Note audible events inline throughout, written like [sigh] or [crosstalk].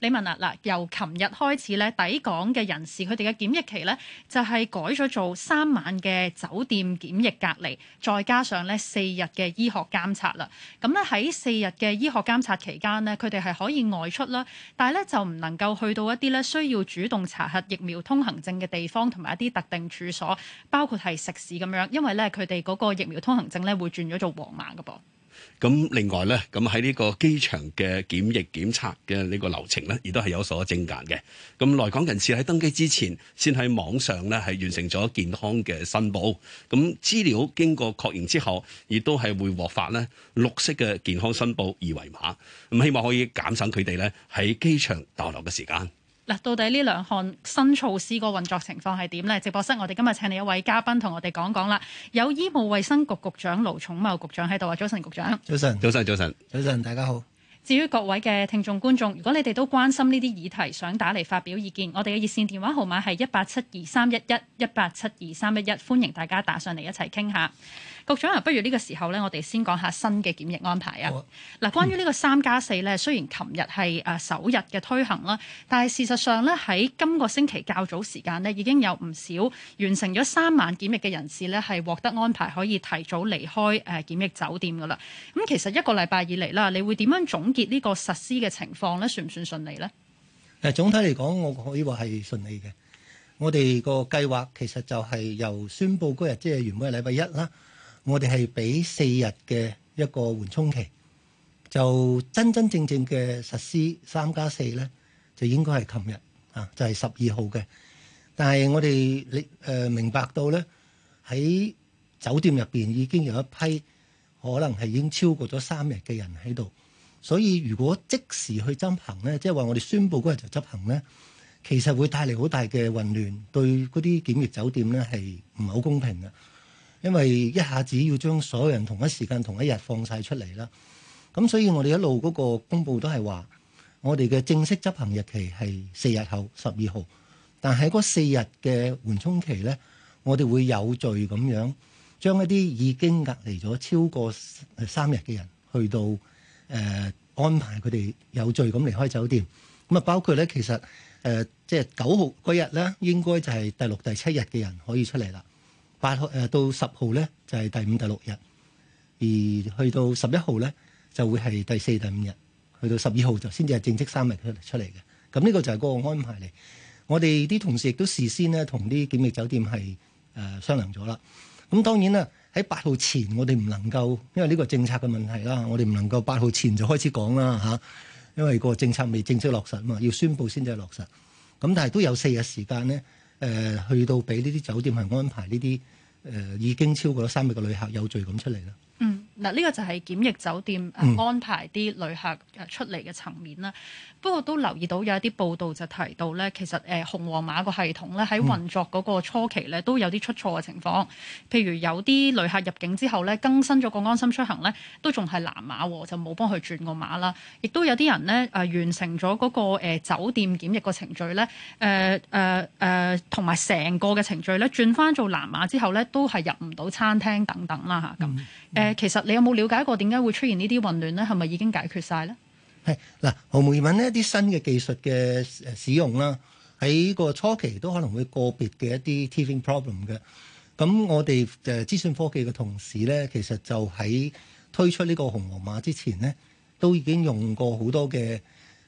你問啦、啊，嗱，由琴日開始咧，抵港嘅人士佢哋嘅檢疫期咧就係改咗做三晚嘅酒店檢疫隔離，再加上咧四日嘅醫學監察啦。咁咧喺四日嘅醫學監察期間呢，佢哋係可以外出啦，但係咧就唔能夠去到一啲咧需要主動查核疫苗通行證嘅地方同埋一啲特定處所，包括係食肆咁樣，因為咧佢哋嗰個疫苗通行證咧會轉咗做黃碼㗎噃。咁另外咧，咁喺呢個機場嘅檢疫檢測嘅呢個流程咧，亦都係有所精簡嘅。咁來港人士喺登機之前，先喺網上咧係完成咗健康嘅申報。咁資料經過確認之後，亦都係會獲發呢綠色嘅健康申報二維碼。咁希望可以減省佢哋咧喺機場逗留嘅時間。嗱，到底呢兩項新措施個運作情況係點呢？直播室，我哋今日請嚟一位嘉賓同我哋講講啦。有醫務衛生局局，局長盧寵茂局，局長喺度啊，早晨，局長，早晨，早晨，早晨，早晨，大家好。至於各位嘅聽眾觀眾，如果你哋都關心呢啲議題，想打嚟發表意見，我哋嘅熱線電話號碼係一八七二三一一一八七二三一一，歡迎大家打上嚟一齊傾下。局長，不如呢個時候呢，我哋先講下新嘅檢疫安排啊。嗱，關於呢個三加四呢，雖然琴日係誒首日嘅推行啦，但係事實上呢，喺今個星期較早時間呢，已經有唔少完成咗三晚檢疫嘅人士呢，係獲得安排可以提早離開誒檢疫酒店噶啦。咁其實一個禮拜以嚟啦，你會點樣總結呢個實施嘅情況呢？算唔算順利呢？誒，總體嚟講，我可以話係順利嘅。我哋個計劃其實就係由宣佈嗰日，即係原本係禮拜一啦。我哋係俾四日嘅一個緩衝期，就真真正正嘅實施三加四呢，就應該係琴日啊，就係十二號嘅。但係我哋你明白到呢，喺酒店入邊已經有一批可能係已經超過咗三日嘅人喺度，所以如果即時去執行呢，即係話我哋宣布嗰日就執行呢，其實會帶嚟好大嘅混亂，對嗰啲檢疫酒店呢，係唔係好公平嘅。因為一下子要將所有人同一時間同一日放晒出嚟啦，咁所以我哋一路嗰個公布都係話，我哋嘅正式執行日期係四日後十二號，但係嗰四日嘅緩衝期呢，我哋會有序咁樣將一啲已經隔離咗超過三日嘅人，去到誒、呃、安排佢哋有序咁離開酒店。咁啊，包括呢，其實誒即係九號嗰日呢，應該就係第六、第七日嘅人可以出嚟啦。八號誒到十號咧就係、是、第五第六日，而去到十一號咧就會係第四第五日，去到十二號就先至係正式三日出出嚟嘅。咁呢個就係嗰個安排嚟。我哋啲同事亦都事先咧同啲檢疫酒店係誒、呃、商量咗啦。咁當然啦，喺八號前我哋唔能夠，因為呢個政策嘅問題啦，我哋唔能夠八號前就開始講啦嚇，因為個政策未正式落實啊嘛，要宣佈先至係落實。咁但係都有四日時間咧。誒、呃、去到俾呢啲酒店係安排呢啲誒已經超過咗三日嘅旅客有序咁出嚟啦。嗯。嗱，呢個就係檢疫酒店、啊、安排啲旅客出嚟嘅層面啦、嗯。不過都留意到有一啲報道就提到咧，其實誒、呃、紅黃碼個系統咧喺運作嗰個初期咧都有啲出錯嘅情況。譬如有啲旅客入境之後咧更新咗個安心出行咧，都仲係藍碼，就冇幫佢轉個碼啦。亦都有啲人咧誒、呃、完成咗嗰、那個、呃、酒店檢疫個程序咧，誒誒誒同埋成個嘅程序咧轉翻做藍碼之後咧都係入唔到餐廳等等啦嚇咁。誒、啊嗯嗯呃、其實。你有冇了解過點解會出現這些亂呢啲混亂咧？係咪已經解決晒咧？係嗱，毫無疑問呢一啲新嘅技術嘅使用啦，喺個初期都可能會個別嘅一啲 teething problem 嘅。咁我哋誒資訊科技嘅同事咧，其實就喺推出呢個紅黃碼之前咧，都已經用過好多嘅誒、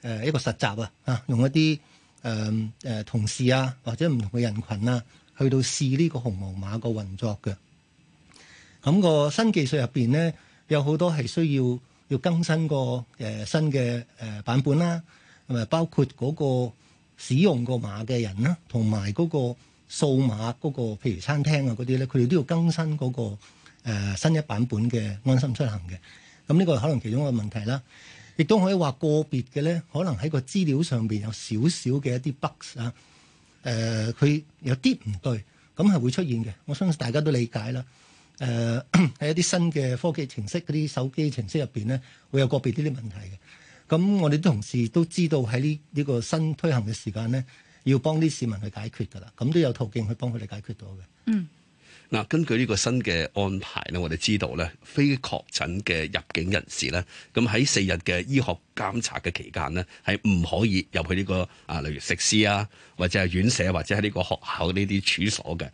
呃、一個實習啊，啊，用一啲誒誒同事啊，或者唔同嘅人群啊，去到試呢個紅黃碼個運作嘅。咁、那個新技術入邊咧，有好多係需要要更新個誒、呃、新嘅誒、呃、版本啦，同埋包括嗰個使用個碼嘅人啦，同埋嗰個掃碼嗰個，譬如餐廳啊嗰啲咧，佢哋都要更新嗰、那個、呃、新一版本嘅安心出行嘅。咁呢個可能其中一個問題啦，亦都可以話個別嘅咧，可能喺個資料上邊有少少嘅一啲 bug 啊，誒、呃、佢有啲唔對，咁係會出現嘅。我相信大家都理解啦。誒、呃、喺一啲新嘅科技程式嗰啲手機程式入邊咧，會有個別啲啲問題嘅。咁我哋啲同事都知道喺呢呢個新推行嘅時間咧，要幫啲市民去解決噶啦。咁都有途徑去幫佢哋解決到嘅。嗯，嗱、嗯，根據呢個新嘅安排咧，我哋知道咧，非確診嘅入境人士咧，咁喺四日嘅醫學監察嘅期間咧，係唔可以入去呢、呢個啊，例如食肆啊，或者係院舍，或者喺呢個學校呢啲處所嘅。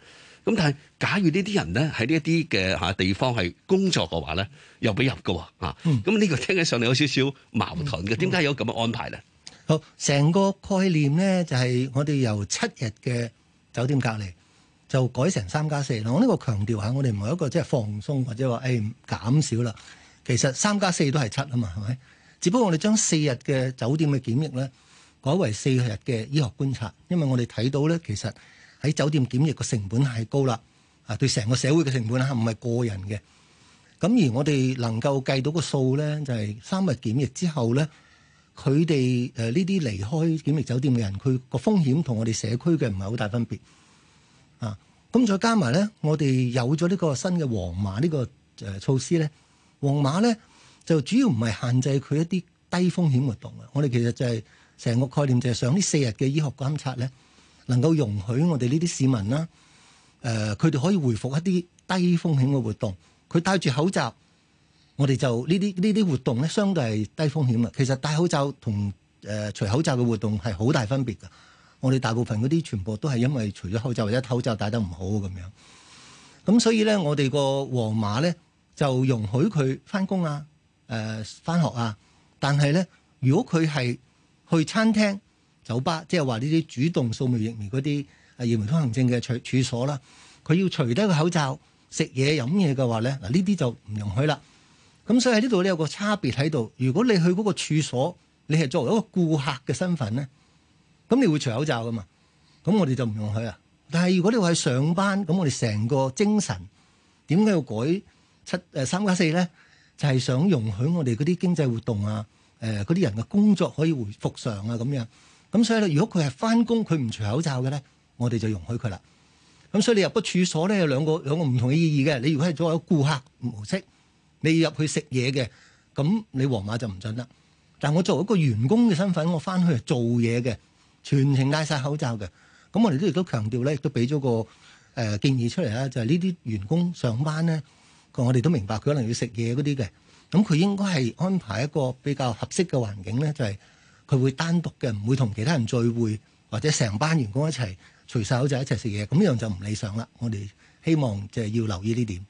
咁但係，假如呢啲人咧喺呢一啲嘅地方係工作嘅話咧，又俾入嘅喎。咁呢個聽起上嚟有少少矛盾嘅，點、嗯、解有咁嘅安排咧？好，成個概念咧就係我哋由七日嘅酒店隔離就改成三加四。嗱，我呢個強調下，我哋唔係一個即係放鬆或者話誒、哎、減少啦。其實三加四都係七啊嘛，係咪？只不過我哋將四日嘅酒店嘅檢疫咧改為四日嘅醫學觀察，因為我哋睇到咧其實。喺酒店檢疫嘅成本係高啦，就是，啊，對成個社會嘅成本啦，唔係個人嘅。咁而我哋能夠計到個數咧，就係三日檢疫之後咧，佢哋誒呢啲離開檢疫酒店嘅人，佢個風險同我哋社區嘅唔係好大分別。啊，咁再加埋咧，我哋有咗呢個新嘅黃碼呢個誒措施咧，黃碼咧就主要唔係限制佢一啲低風險活動啊。我哋其實就係，是，成個概念就係上呢四日嘅醫學觀察咧，能夠容許我哋呢啲市民啦，誒、呃，佢哋可以恢復一啲低風險嘅活動。佢戴住口罩，我哋就呢啲呢啲活動咧，相對係低風險啊。其實戴口罩同誒除口罩嘅活動係好大分別㗎。我哋大部分嗰啲全部都係因為除咗口罩或者口罩戴得唔好咁樣。咁所以咧，我哋個黃碼咧就容許佢返工啊，誒、呃、返學啊。但係咧，如果佢係去餐廳，酒吧即係話呢啲主動掃描疫苗嗰啲，啊、疫苗通行證嘅處，處所啦，佢要除低個口罩食嘢飲嘢嘅話咧，嗱呢啲就唔容許啦。咁所以喺呢度咧有個差別喺度。如果你去嗰個處所，你係作為一個顧客嘅身份咧，咁你會除口罩噶嘛？咁我哋就唔容許啊。但係如果你話係上班，咁我哋成個精神點解要改七、呃、三加四咧？就係、是、想容許我哋嗰啲經濟活動啊，嗰、呃、啲人嘅工作可以回復常啊咁樣。咁所以咧，如果佢係翻工佢唔除口罩嘅咧，我哋就容許佢啦。咁所以你入個處所咧，有兩個兩個唔同嘅意義嘅。你如果係作為一個顧客模式，你入去食嘢嘅，咁你皇馬就唔準啦。但係我作為一個員工嘅身份，我翻去係做嘢嘅，全程戴晒口罩嘅。咁我哋都亦都強調咧，亦都俾咗個、呃、建議出嚟啦，就係呢啲員工上班咧，我哋都明白佢可能要食嘢嗰啲嘅，咁佢應該係安排一個比較合適嘅環境咧，就係、是。佢會單獨嘅，唔會同其他人聚會，或者成班員工一齊除曬口罩一齊食嘢，咁樣就唔理想啦。我哋希望就係要留意呢點。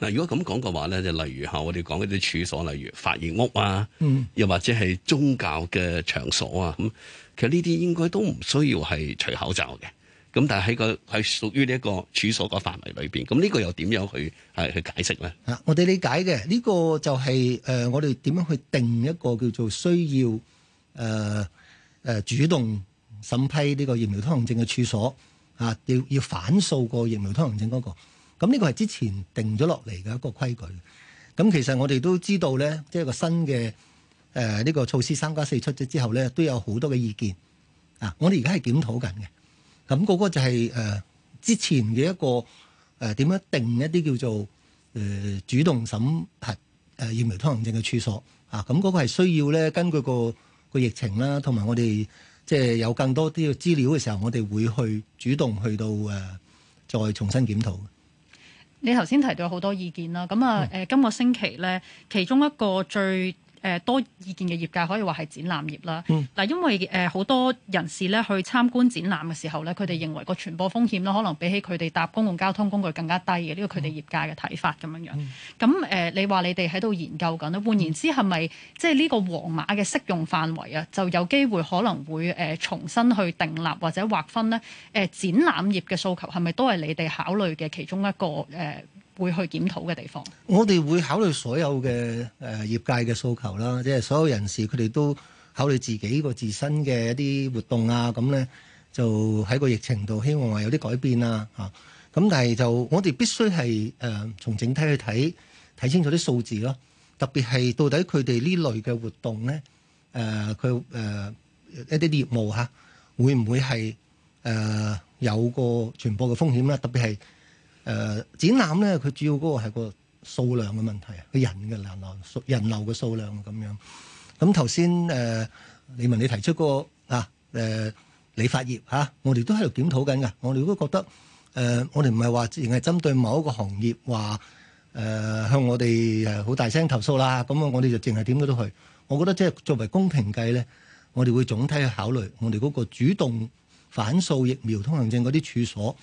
嗱，如果咁講嘅話咧，就例如吓我哋講嗰啲處所，例如髮型屋啊，嗯，又或者係宗教嘅場所啊，咁其實呢啲應該都唔需要係除口罩嘅。咁但係喺個係屬於呢一個處所個範圍裏邊，咁呢個又點樣去係去解釋咧？啊，我哋理解嘅呢、呢個就係誒，我哋點樣去定一個叫做需要。誒、呃、誒、呃、主動審批呢個疫苗通行證嘅處所啊，要要反訴過疫苗通行證嗰、那個。咁、嗯、呢、這個係之前定咗落嚟嘅一個規矩。咁、嗯、其實我哋都知道咧，即係個新嘅誒呢個措施三加四出咗之後咧，都有好多嘅意見啊。我哋而家係檢討緊嘅。咁、嗯、嗰、那個就係、是、誒、呃、之前嘅一個誒點、呃、樣定一啲叫做誒、呃、主動審核誒疫苗通行證嘅處所啊。咁、嗯、嗰、那個係需要咧根據個。個疫情啦，同埋我哋即係有更多啲資料嘅時候，我哋會去主動去到誒，再重新檢討。你頭先提到好多意見啦，咁啊誒、呃，今個星期咧，其中一個最，誒多意見嘅業界可以話係展覽業啦。嗱、嗯，因為誒好、呃、多人士咧去參觀展覽嘅時候咧，佢哋認為個傳播風險咧可能比起佢哋搭公共交通工具更加低嘅，呢個佢哋業界嘅睇法咁樣樣。咁、嗯呃、你話你哋喺度研究緊咧，換言之係咪即係呢個黃碼嘅適用範圍啊，就有機會可能會、呃、重新去訂立或者劃分咧？誒、呃、展覽業嘅訴求係咪都係你哋考慮嘅其中一個誒？呃會去檢討嘅地方，我哋會考慮所有嘅誒、呃、業界嘅訴求啦，即係所有人士佢哋都考慮自己個自身嘅一啲活動啊，咁咧就喺個疫情度希望話有啲改變啊嚇，咁但係就我哋必須係誒、呃、從整體去睇睇清楚啲數字咯，特別係到底佢哋呢類嘅活動咧誒佢誒一啲業務嚇、啊、會唔會係誒、呃、有個傳播嘅風險啦？特別係。誒、呃、展覽咧，佢主要嗰個係個數量嘅問題，佢人嘅人流、人流嘅數量咁樣。咁頭先誒，李文你提出、嗰個啊、呃、理髮業、啊、我哋都喺度檢討緊㗎。我哋都覺得誒、呃，我哋唔係話淨係針對某一個行業話誒、呃、向我哋好大聲投訴啦。咁、啊、我我哋就淨係點咗都去？我覺得即係作為公平計咧，我哋會總體去考慮我哋嗰個主動反掃疫苗通行證嗰啲處所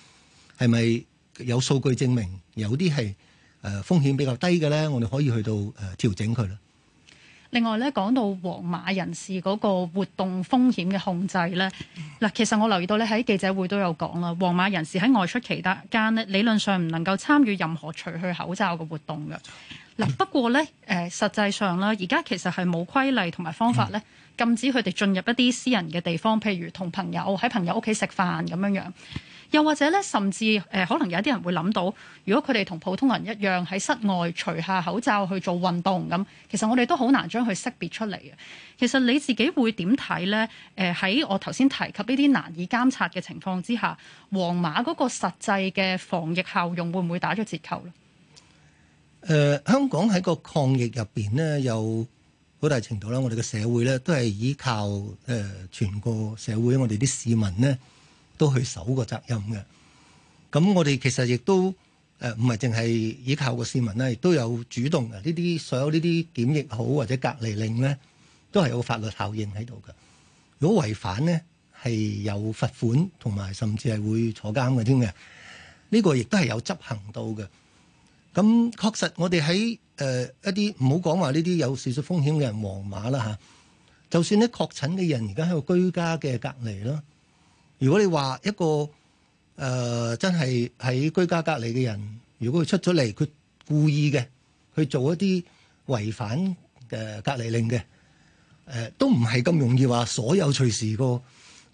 係咪？是有數據證明有啲係誒風險比較低嘅咧，我哋可以去到誒、呃、調整佢啦。另外咧，講到黃碼人士嗰個活動風險嘅控制咧，嗱， [laughs] 其實我留意到咧喺記者會都有講啦。黃碼人士喺外出期間呢，理論上唔能夠參與任何除去口罩嘅活動嘅。嗱， [laughs] 不過咧，誒、呃、實際上咧，而家其實係冇規例同埋方法咧禁止佢哋進入一啲私人嘅地方，譬如同朋友喺朋友屋企食飯咁樣樣。又或者咧，甚至誒、呃，可能有啲人會諗到，如果佢哋同普通人一樣喺室外除下口罩去做運動，咁，其實我哋都好難將佢識別出嚟嘅。其實你自己會點睇咧？誒、呃，喺我頭先提及呢啲難以監察嘅情況之下，黃碼嗰個實際嘅防疫效用會唔會打咗折扣咧？誒、呃，香港喺個抗疫入邊呢，有好大程度啦。我哋嘅社會咧都係依靠誒、呃，全個社會，我哋啲市民呢。都去守個責任嘅，咁我哋其實亦都唔係淨係依靠個市民咧，亦都有主動嘅。呢啲所有呢啲檢疫好或者隔離令咧，都係有法律效應喺度嘅。如果違反咧，係有罰款同埋甚至係會坐監嘅添嘅。呢、呢個亦都係有執行到嘅。咁確實我哋喺、呃、一啲唔好講話呢啲有少出風險嘅人黃碼啦、啊、就算啲確診嘅人而家喺度居家嘅隔離咯。如果你話一個誒、呃、真係喺居家隔離嘅人，如果佢出咗嚟，佢故意嘅去做一啲違反嘅隔離令嘅，誒、呃、都唔係咁容易話所有隨時個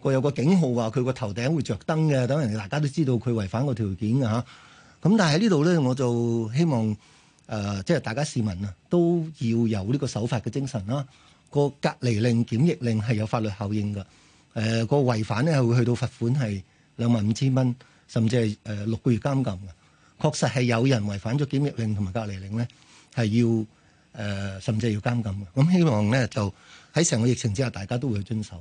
個有個警號話佢個頭頂會着燈嘅，等人哋大家都知道佢違反個條件嘅咁、啊、但係喺呢度咧，我就希望誒、呃、即係大家市民啊都要有呢個守法嘅精神啦、啊。個隔離令、檢疫令係有法律效應㗎。誒、呃，那個違反咧係會去到罰款係兩萬五千蚊，甚至係誒、呃、六個月監禁嘅。確實係有人違反咗檢疫令同埋隔離令咧，係要誒、呃、甚至係要監禁嘅。咁希望咧就喺成個疫情之下，大家都會遵守。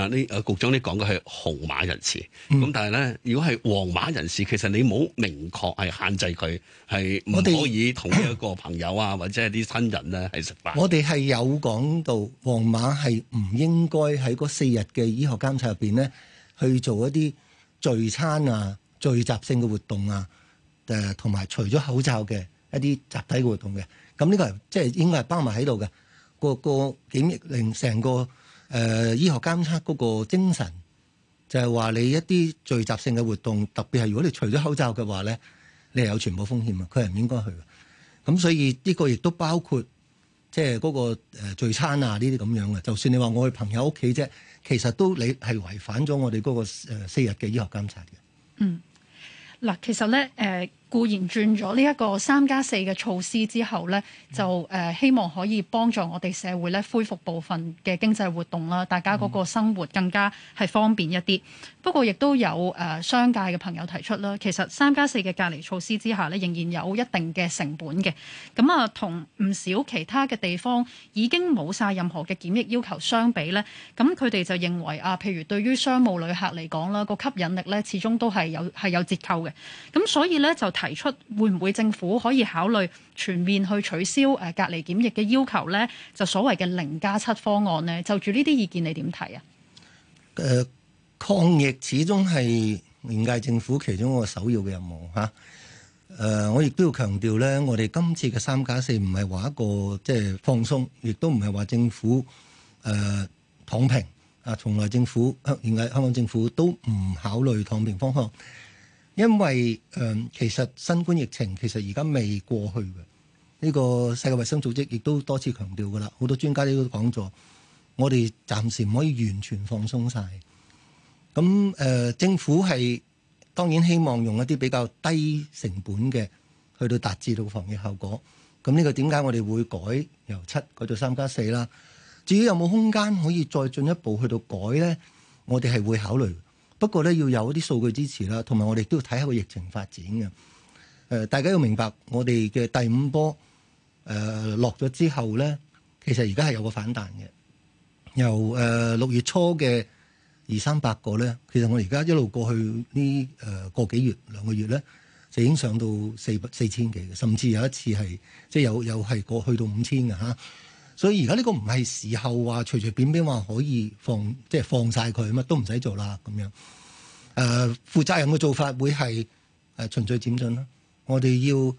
嗱，你啊，局長你講嘅係紅碼人士，咁、嗯、但係咧，如果係黃碼人士，其實你冇明確係限制佢係唔可以同一個朋友啊，或者係啲親人咧係食飯。我哋係有講到黃碼係唔應該喺嗰四日嘅醫學監察入邊咧去做一啲聚餐啊、聚集性嘅活動啊，誒、呃，同埋除咗口罩嘅一啲集體嘅活動嘅。咁呢個即係、就是、應該係包埋喺度嘅，個個警令成個。誒、呃、醫學監測嗰個精神，就係、是、話你一啲聚集性嘅活動，特別係如果你除咗口罩嘅話咧，你係有傳播風險啊！佢係唔應該去嘅。咁所以呢個亦都包括即係嗰個、呃、聚餐啊呢啲咁樣嘅。就算你話我去朋友屋企啫，其實都你係違反咗我哋嗰、那個、呃、四日嘅醫學監測嘅。嗯，嗱，其實咧誒。呃固然轉咗呢一個三加四嘅措施之後呢，就誒希望可以幫助我哋社會恢復部分嘅經濟活動啦，大家嗰個生活更加係方便一啲。不過亦都有誒商界嘅朋友提出啦，其實三加四嘅隔離措施之下呢，仍然有一定嘅成本嘅。咁啊，同唔少其他嘅地方已經冇晒任何嘅檢疫要求相比呢，咁佢哋就認為啊，譬如對於商務旅客嚟講啦，個吸引力呢，始終都係有係有折扣嘅。咁所以呢，就。提出會唔會政府可以考慮全面去取消誒隔離檢疫嘅要求呢？就所謂嘅零加七方案呢，就住呢啲意見你，你點睇啊？誒，抗疫始終係現屆政府其中一個首要嘅任務吓。誒、啊呃，我亦都要強調呢，我哋今次嘅三加四唔係話一個即係、就是、放鬆，亦都唔係話政府誒、呃、躺平啊！從來政府現屆香港政府都唔考慮躺平方向。因為誒、呃，其實新冠疫情其實而家未過去嘅，呢個世界衛生組織亦都多次強調噶啦，好多專家都講咗，我哋暫時唔可以完全放鬆晒。咁誒、呃，政府係當然希望用一啲比較低成本嘅，去到達至到防疫效果。咁呢個點解我哋會改由七改到三加四啦？至於有冇空間可以再進一步去到改咧，我哋係會考慮的。不過咧，要有一啲數據支持啦，同埋我哋都要睇下個疫情發展嘅。誒、呃，大家要明白，我哋嘅第五波誒落咗之後咧，其實而家係有個反彈嘅。由誒六、呃、月初嘅二三百個咧，其實我哋而家一路過去呢誒、呃、個幾月兩個月咧，就已經上到四四千幾，甚至有一次係即係有有係過去到五千嘅嚇。所以而家呢個唔係時候話隨隨便便話可以放即係、就是、放晒佢乜都唔使做啦咁樣。誒、呃，負責任嘅做法會係誒循序漸進咯。我哋要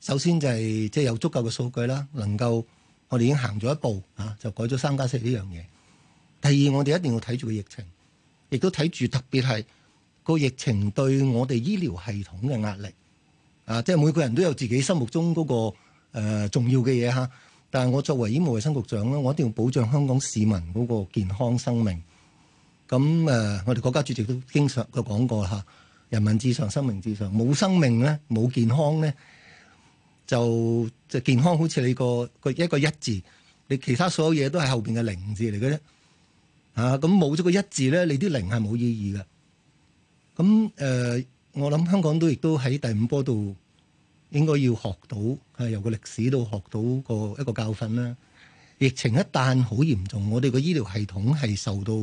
首先就係即係有足夠嘅數據啦，能夠我哋已經行咗一步嚇、啊，就改咗三加四呢樣嘢。第二，我哋一定要睇住個疫情，亦都睇住特別係個疫情對我哋醫療系統嘅壓力。啊，即、就、係、是、每個人都有自己心目中嗰、那個、呃、重要嘅嘢嚇。啊。但係我作為醫務衛生局長咧，我一定要保障香港市民嗰個健康生命。咁誒、呃，我哋國家主席都經常都講過啦，嚇，人民至上，生命至上。冇生命咧，冇健康咧，就就健康好似你個個一個一字，你其他所有嘢都係後邊嘅零字嚟嘅啫。嚇、啊，咁冇咗個一字咧，你啲零係冇意義嘅。咁誒、呃，我諗香港都亦都喺第五波度。應該要學到，由個歷史度學到個一個教訓啦。疫情一旦好嚴重，我哋個醫療系統係受到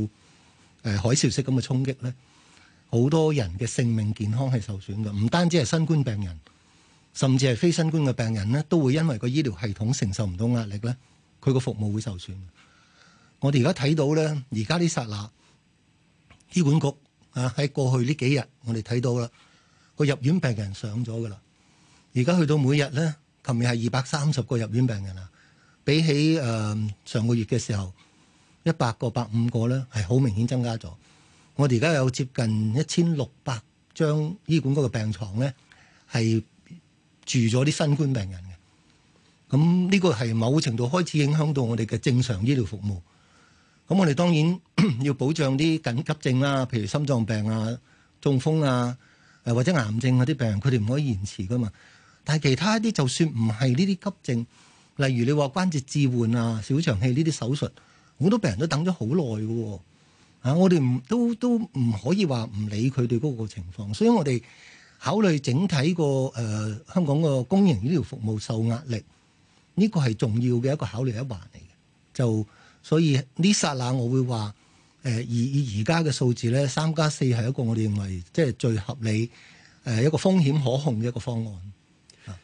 海嘯式咁嘅衝擊咧，好多人嘅性命健康係受損嘅。唔單止係新冠病人，甚至係非新冠嘅病人咧，都會因為個醫療系統承受唔到壓力咧，佢個服務會受損。我哋而家睇到咧，而家啲薩那醫管局啊，喺過去呢幾日，我哋睇到啦，個入院病人上咗㗎啦。而家去到每日咧，琴日係二百三十個入院病人啦，比起誒、呃、上個月嘅時候一百個、百五個咧，係好明顯增加咗。我哋而家有接近一千六百張醫管局嘅病床咧，係住咗啲新冠病人嘅。咁呢個係某程度開始影響到我哋嘅正常醫療服務。咁我哋當然要保障啲緊急症啦、啊，譬如心臟病啊、中風啊，誒、呃、或者癌症嗰、啊、啲病人，佢哋唔可以延遲㗎嘛。但係其他一啲，就算唔係呢啲急症，例如你話關節置換啊、小腸氣呢啲手術，好多病人都等咗好耐嘅喎。啊，我哋唔都都唔可以話唔理佢哋嗰個情況，所以我哋考慮整體個誒、呃、香港個公營醫療服務受壓力，呢、這個係重要嘅一個考慮一環嚟嘅。就所以呢剎那，我會話誒、呃、以以而家嘅數字咧，三加四係一個我哋認為即係、就是、最合理誒、呃、一個風險可控嘅一個方案。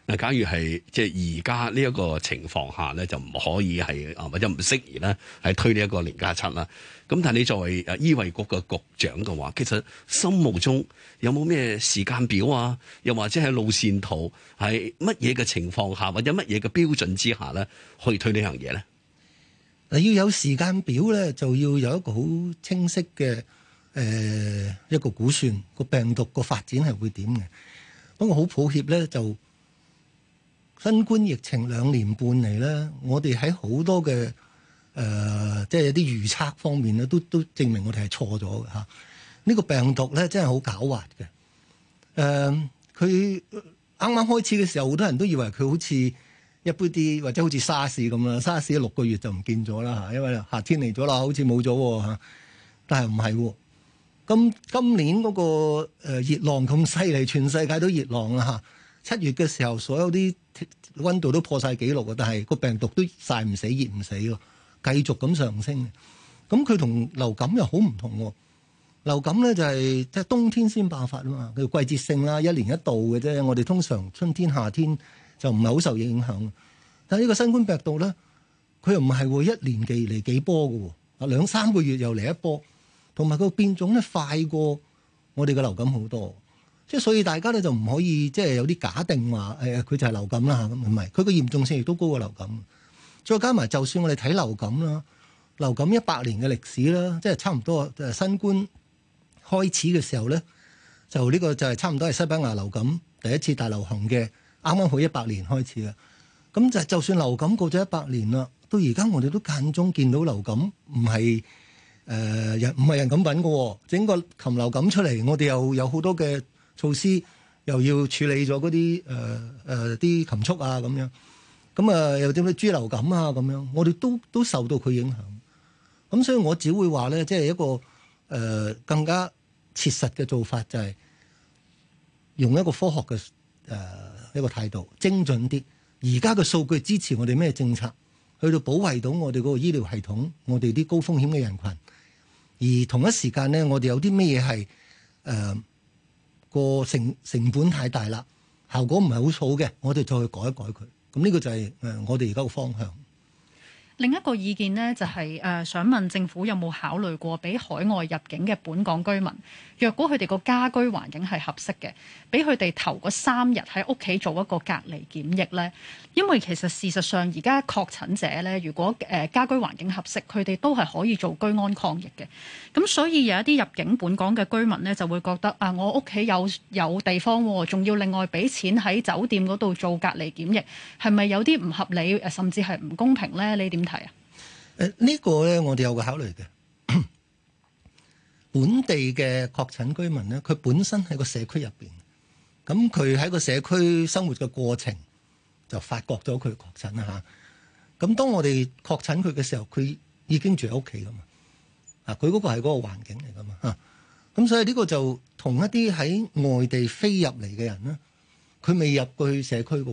嗱，假如係即係而家呢一個情況下咧，就唔可以係啊，或者唔適宜咧，係推呢一個零加七啦。咁但係你作為啊醫衛局嘅局長嘅話，其實心目中有冇咩時間表啊？又或者係路線圖？係乜嘢嘅情況下或者乜嘢嘅標準之下咧，可以推呢樣嘢咧？你要有時間表咧，就要有一個好清晰嘅誒、呃、一個估算，個病毒個發展係會點嘅。不過好抱歉咧，就。新冠疫情兩年半嚟咧，我哋喺好多嘅誒，即係啲預測方面咧，都都證明我哋係錯咗嘅嚇。呢、啊這個病毒咧，真係好狡猾嘅。誒、啊，佢啱啱開始嘅時候，好多人都以為佢好似一般啲，或者好似沙士咁啦，沙士六個月就唔見咗啦嚇，因為夏天嚟咗啦，好似冇咗嚇。但係唔係喎？咁、啊、今年嗰、那個誒熱浪咁犀利，全世界都熱浪啦嚇。啊七月嘅時候，所有啲溫度都破晒記錄嘅，但係個病毒都曬唔死，熱唔死喎，繼續咁上升。咁佢同流感又好唔同喎。流感咧就係即係冬天先爆發啊嘛，佢季節性啦，一年一度嘅啫。我哋通常春天、夏天就唔係好受影響。但係呢個新冠病毒咧，佢又唔係會一年幾嚟幾波嘅喎，啊兩三個月又嚟一波，同埋佢個變種咧快過我哋嘅流感好多。即係所以大家咧就唔可以即係、即係、有啲假定話誒佢就係流感啦嚇，咁唔係，佢個嚴重性亦都高過流感。再加埋就算我哋睇流感啦，流感一百年嘅歷史啦，即係差唔多誒新冠開始嘅時候咧，就呢個就係差唔多係西班牙流感第一次大流行嘅，啱啱好一百年開始啊。咁就就算流感過咗一百年啦，到而家我哋都間中見到流感唔係誒人唔係人感染嘅喎，整個禽流感出嚟，我哋又有好多嘅。措施又要處理咗嗰啲誒誒啲禽畜啊，咁樣咁啊、呃，又有啲咩豬流感啊，咁樣我哋都都受到佢影響。咁所以我只會話咧，即係一個誒、呃、更加切實嘅做法，就係用一個科學嘅誒、呃、一個態度，精準啲。而家嘅數據支持我哋咩政策，去到保衛到我哋嗰個醫療系統，我哋啲高風險嘅人群。而同一時間咧，我哋有啲咩嘢係誒？呃個成成本太大啦，效果唔係好好嘅，我哋再去改一改佢，咁呢個就係誒我哋而家個方向。另一個意見呢，就係、是呃、想問政府有冇考慮過，俾海外入境嘅本港居民，若果佢哋個家居環境係合適嘅，俾佢哋頭嗰三日喺屋企做一個隔離檢疫呢？因為其實事實上而家確診者呢，如果、呃、家居環境合適，佢哋都係可以做居安抗疫嘅。咁所以有一啲入境本港嘅居民呢，就會覺得啊，我屋企有有地方喎、哦，仲要另外俾錢喺酒店嗰度做隔離檢疫，係咪有啲唔合理，甚至係唔公平呢？」你點？係啊，誒，呢個咧，我哋有個考慮嘅。本地嘅確診居民咧，佢本身喺個社區入邊，咁佢喺個社區生活嘅過程就發覺咗佢確診啦吓。咁當我哋確診佢嘅時候，佢已經住喺屋企噶嘛，啊，佢嗰個係嗰個環境嚟噶嘛，吓。咁所以呢個就同一啲喺外地飛入嚟嘅人咧，佢未入過去社區噶。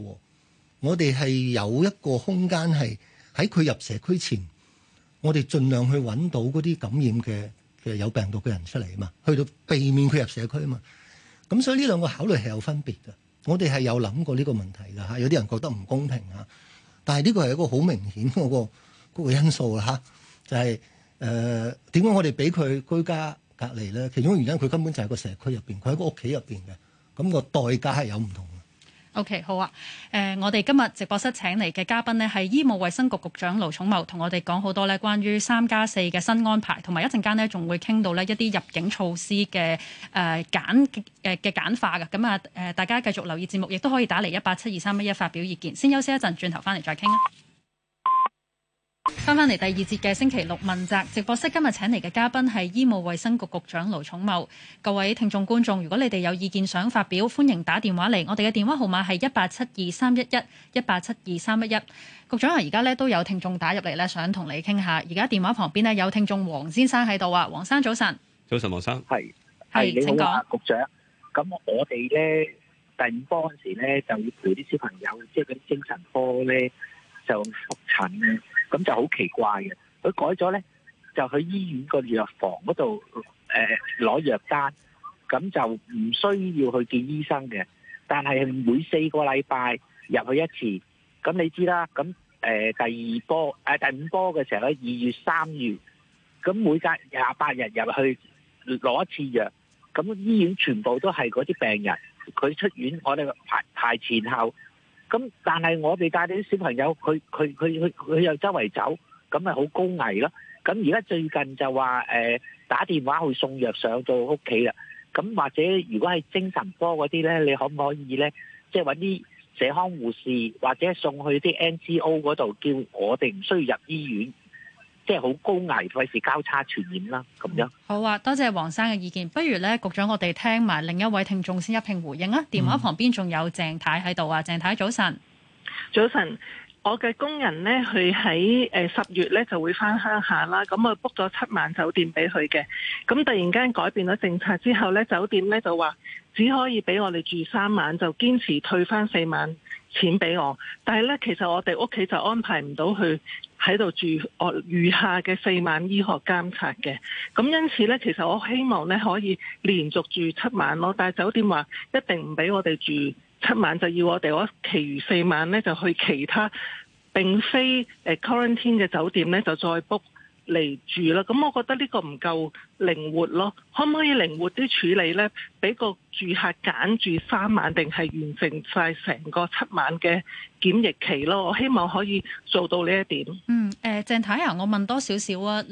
我哋係有一個空間係。喺佢入社區前，我哋盡量去揾到嗰啲感染嘅嘅有病毒嘅人出嚟啊嘛，去到避免佢入社區啊嘛。咁所以呢兩個考慮係有分別嘅。我哋係有諗過呢個問題㗎嚇，有啲人覺得唔公平啊。但係呢個係一個好明顯嗰個嗰個因素啦吓，就係誒點解我哋俾佢居家隔離咧？其中原因佢根本就係個社區入邊，佢喺個屋企入邊嘅，咁個代價係有唔同。OK，好啊。呃、我哋今日直播室請嚟嘅嘉賓呢，係醫務衛生局局長盧寵茂，同我哋講好多呢關於三加四嘅新安排，同埋一陣間呢，仲會傾到呢一啲入境措施嘅誒、呃、簡誒嘅、呃、簡化嘅。咁、呃、啊大家繼續留意節目，亦都可以打嚟一八七二三一一發表意見。先休息一陣，轉頭翻嚟再傾啊。翻返嚟第二節嘅星期六問責直播室，今日請嚟嘅嘉賓係醫務衛生局局長盧寵茂。各位聽眾觀眾，如果你哋有意見想發表，歡迎打電話嚟。我哋嘅電話號碼係一八七二三一一一八七二三一一。局長啊，而家咧都有聽眾打入嚟咧，想同你傾下。而家電話旁邊咧有聽眾黃先生喺度啊，黃生早晨，早晨黃生。係係，請講，局長。咁我哋咧第五波嗰陣時咧，就要陪啲小朋友，即係嗰啲精神科咧就復診咧。咁就好奇怪嘅，佢改咗呢，就去醫院個藥房嗰度誒攞藥單，咁就唔需要去見醫生嘅。但係每四個禮拜入去一次，咁你知啦。咁誒第二波誒第五波嘅時候喺二月三月，咁每隔廿八日入去攞一次藥，咁醫院全部都係嗰啲病人，佢出院我哋排排前後。咁但係我哋帶啲小朋友，佢佢佢佢佢又周圍走，咁咪好高危咯。咁而家最近就話誒打電話去送藥上到屋企啦。咁或者如果係精神科嗰啲咧，你可唔可以咧，即係搵啲社康護士或者送去啲 NGO 嗰度，叫我哋唔需要入醫院。即係好高危，費事交叉傳染啦，咁樣。好啊，多謝黃生嘅意見。不如呢，局長，我哋聽埋另一位聽眾先一併回應啊。電話旁邊仲有鄭太喺度啊，鄭、嗯、太，早晨。早晨，我嘅工人呢，佢喺誒十月呢就會返鄉下啦。咁我 book 咗七晚酒店俾佢嘅。咁突然間改變咗政策之後呢，酒店呢就話只可以俾我哋住三晚，就堅持退返四晚錢俾我。但係呢，其實我哋屋企就安排唔到佢喺度住哦，餘下嘅四晚醫學監察嘅。咁因此咧，其實我希望咧可以連續住七晚咯，但係酒店話一定唔俾我哋住七晚，就要我哋我其餘四晚咧就去其他並非 quarantine 嘅酒店咧就再 book。嚟住啦，咁我覺得呢個唔夠靈活咯，可唔可以靈活啲處理呢？俾個住客揀住三晚定係完成晒成個七晚嘅檢疫期咯？我希望可以做到呢一點。嗯，誒、呃，鄭太、太啊，我問多少少啊，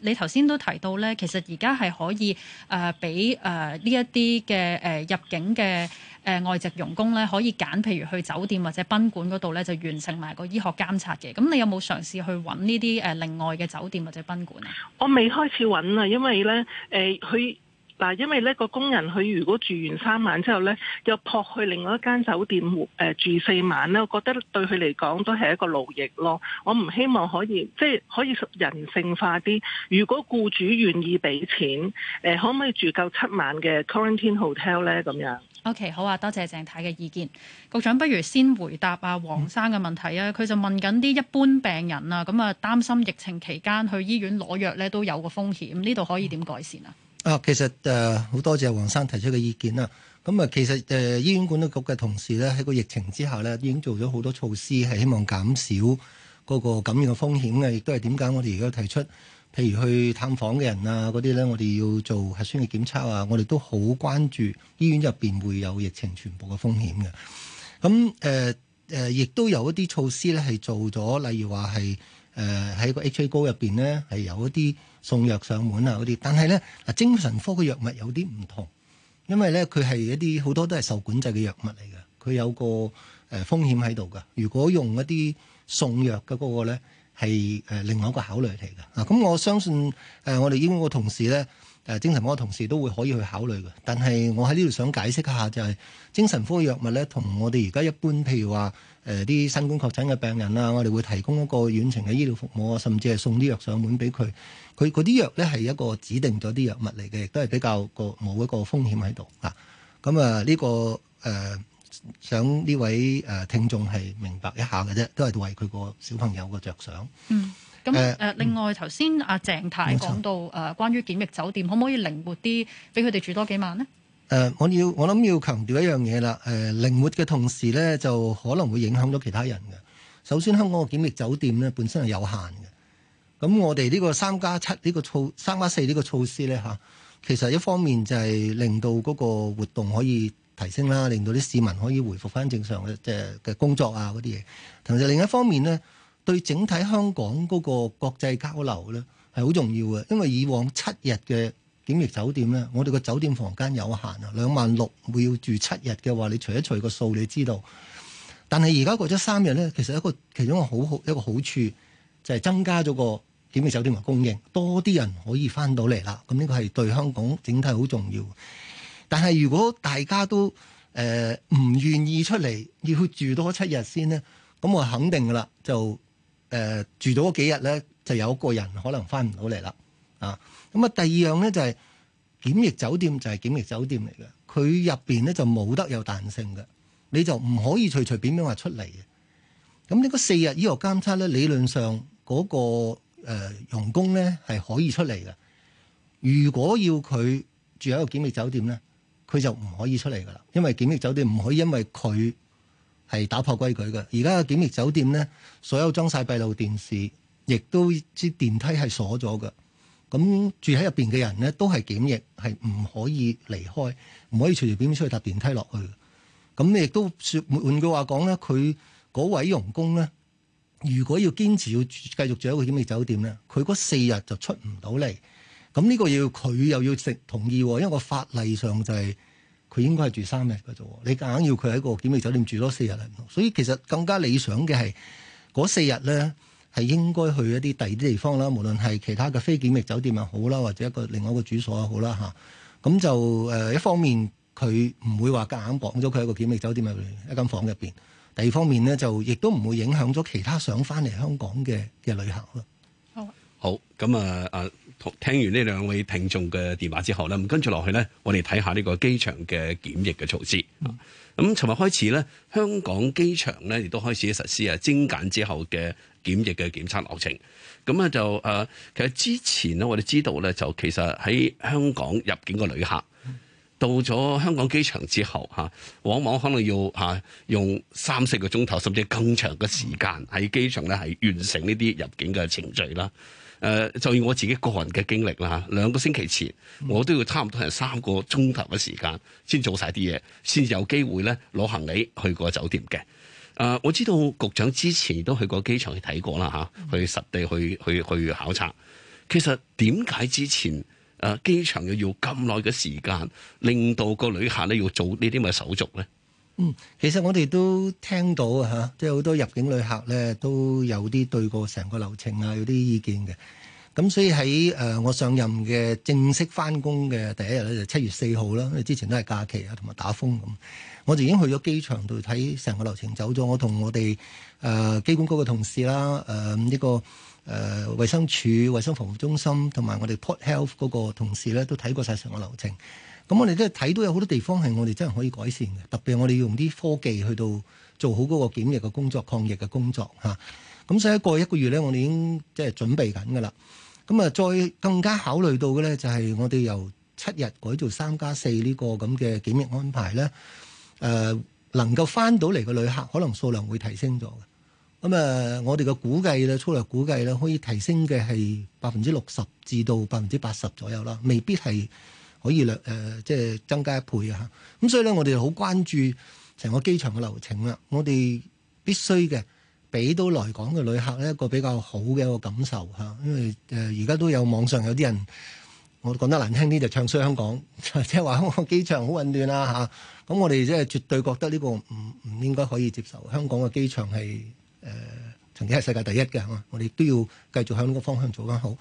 你頭先、呃、都提到呢，其實而家係可以誒，俾、呃、呢、呃、一啲嘅、呃、入境嘅。誒、呃、外籍傭工咧可以揀，譬如去酒店或者賓館嗰度咧就完成埋個醫學監察嘅。咁你有冇嘗試去揾呢啲另外嘅酒店或者賓館啊？我未開始揾啊，因為咧佢嗱，因為呢個、呃、工人佢如果住完三晚之後咧，又撲去另外一間酒店、呃、住四晚咧，我覺得對佢嚟講都係一個勞役咯。我唔希望可以即係可以人性化啲。如果僱主願意俾錢，呃、可唔可以住夠七晚嘅 Quarantine Hotel 咧咁樣？O.K. 好啊，多謝鄭太嘅意見，局長不如先回答阿黃生嘅問題啊。佢就問緊啲一般病人啊，咁啊擔心疫情期間去醫院攞藥咧都有個風險，呢度可以點改善啊？啊，其實誒好、呃、多謝黃生提出嘅意見啦。咁啊，其實誒、呃、醫院管理局嘅同事咧喺個疫情之下咧已經做咗好多措施，係希望減少嗰個感染嘅風險嘅。亦都係點解我哋而家提出，譬如去探訪嘅人啊，嗰啲咧，我哋要做核酸嘅檢測啊，我哋都好關注醫院入邊會有疫情傳播嘅風險嘅。咁誒誒，亦、呃、都有一啲措施咧係做咗，例如話係誒喺個 HA 高入邊咧係有一啲送藥上門啊嗰啲。但係咧，嗱精神科嘅藥物有啲唔同，因為咧佢係一啲好多都係受管制嘅藥物嚟嘅，佢有個誒風險喺度㗎。如果用一啲送藥嘅嗰個咧，係誒另外一個考慮嚟嘅啊！咁我相信誒、呃、我哋醫院嘅同事咧，誒、呃、精神科嘅同事都會可以去考慮嘅。但係我喺呢度想解釋一下、就是，就係精神科藥物咧，同我哋而家一般譬如話誒啲新冠確診嘅病人啦，我哋會提供一個遠程嘅醫療服務啊，甚至係送啲藥上門俾佢。佢嗰啲藥咧係一個指定咗啲藥物嚟嘅，亦都係比較個冇一個風險喺度啊。咁啊呢個誒。呃想呢位誒聽眾係明白一下嘅啫，都係為佢個小朋友個着想。嗯，咁誒另外頭先阿鄭太講到誒，關於檢疫酒店，可唔可以靈活啲俾佢哋住多幾晚呢？誒、呃，我要我諗要強調一樣嘢啦。誒、呃，靈活嘅同時咧，就可能會影響咗其他人嘅。首先，香港個檢疫酒店咧本身係有限嘅。咁我哋呢個三加七呢個措三加四呢個措施咧嚇、啊，其實一方面就係令到嗰個活動可以。提升啦，令到啲市民可以回復翻正常嘅即係嘅工作啊嗰啲嘢。同時另一方面呢，對整體香港嗰個國際交流呢，係好重要嘅，因為以往七日嘅檢疫酒店呢，我哋個酒店房間有限啊，兩萬六要住七日嘅話，你除一除個數，你知道。但係而家過咗三日呢，其實一個其中一個好好一個好處，就係增加咗個檢疫酒店嘅供應，多啲人可以翻到嚟啦。咁呢個係對香港整體好重要。但係如果大家都誒唔、呃、願意出嚟，要多住多七日先咧，咁我肯定㗎喇，就誒、呃、住多幾日咧，就有一個人可能返唔到嚟啦。啊，咁啊第二樣咧就係、是、檢疫酒店就係檢疫酒店嚟嘅，佢入面咧就冇得有彈性嘅，你就唔可以隨隨便便話出嚟嘅。咁呢個四日醫學監測咧，理論上嗰、那個誒、呃、傭工咧係可以出嚟嘅。如果要佢住喺個檢疫酒店咧。佢就唔可以出嚟噶啦，因為檢疫酒店唔可以因為佢係打破規矩㗎。而家嘅檢疫酒店咧，所有裝晒閉路電視，亦都啲電梯係鎖咗㗎。咁住喺入邊嘅人咧，都係檢疫，係唔可以離開，唔可以隨隨便便出去搭電梯落去。咁你亦都說，換句話講咧，佢嗰位傭工咧，如果要堅持要繼續住喺個檢疫酒店咧，佢嗰四日就出唔到嚟。咁呢個要佢又要同同意、哦，因為個法例上就係、是。佢應該係住三日嘅啫喎，你硬要佢喺個檢疫酒店住多四日，所以其實更加理想嘅係嗰四日咧係應該去一啲第二啲地方啦，無論係其他嘅非檢疫酒店又好啦，或者一個另外一個住所又好啦嚇。咁就誒、呃、一方面佢唔會話夾硬綁咗佢喺個檢疫酒店入一間房入邊，第二方面咧就亦都唔會影響咗其他想翻嚟香港嘅嘅旅客咯。好，嗯、好咁啊啊！嗯聽完呢兩位聽眾嘅電話之後咧，咁跟住落去咧，我哋睇下呢個機場嘅檢疫嘅措施。咁尋日開始咧，香港機場咧亦都開始實施啊精簡之後嘅檢疫嘅檢測流程。咁啊就誒，其實之前咧，我哋知道咧，就其實喺香港入境嘅旅客、嗯、到咗香港機場之後吓，往往可能要吓用三四個鐘頭，甚至更長嘅時間喺機場咧係完成呢啲入境嘅程序啦。誒、呃，就以我自己個人嘅經歷啦，兩個星期前我都要差唔多係三個鐘頭嘅時間先做晒啲嘢，先有機會咧攞行李去個酒店嘅。誒、呃，我知道局長之前都去過機場去睇過啦嚇、啊，去實地去去去考察。其實點解之前誒、呃、機場又要咁耐嘅時間，令到個旅客咧要做呢啲咁嘅手續咧？嗯，其實我哋都聽到啊，嚇，即係好多入境旅客咧都有啲對過成個流程啊有啲意見嘅。咁所以喺我上任嘅正式翻工嘅第一日咧，就七月四號啦，因為之前都係假期啊同埋打風咁，我就已經去咗機場度睇成個流程走咗。我同我哋機管局嘅同事啦，誒、呢個衛生署衛生防護中心同埋我哋 Port Health 嗰個同事咧都睇過晒成個流程。咁我哋都睇到有好多地方係我哋真係可以改善嘅，特別我哋用啲科技去到做好嗰個檢疫嘅工作、抗疫嘅工作吓，咁、啊、所以過一個月咧，我哋已經即係準備緊噶啦。咁啊，再更加考慮到嘅咧，就係、是、我哋由七日改做三加四呢個咁嘅檢疫安排咧。誒、呃、能夠翻到嚟嘅旅客，可能數量會提升咗嘅。咁啊，我哋嘅估計咧，粗略估計咧，可以提升嘅係百分之六十至到百分之八十左右啦，未必係。可以即係增加一倍啊！咁所以咧，我哋好關注成個機場嘅流程啦。我哋必須嘅，俾到來港嘅旅客咧，一個比較好嘅一個感受吓。因為而家都有網上有啲人，我講得難聽啲就唱衰香港，即係話香港機場好混亂啦。咁我哋即係絕對覺得呢個唔唔應該可以接受。香港嘅機場係誒、呃、曾經係世界第一嘅，我哋都要繼續向呢個方向做得好。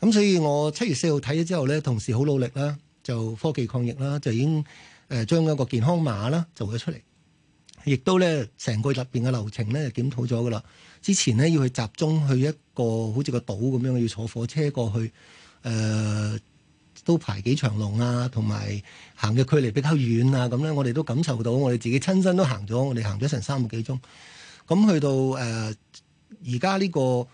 咁所以我七月四號睇咗之後咧，同事好努力啦，就科技抗疫啦，就已經誒將一個健康碼啦做咗出嚟，亦都咧成個入邊嘅流程咧就檢討咗㗎喇。之前咧要去集中去一個好似個島咁樣，要坐火車過去，誒、呃、都排幾長龍啊，同埋行嘅距離比較遠啊。咁咧我哋都感受到，我哋自己親身都行咗，我哋行咗成三個幾鐘。咁去到誒而家呢個。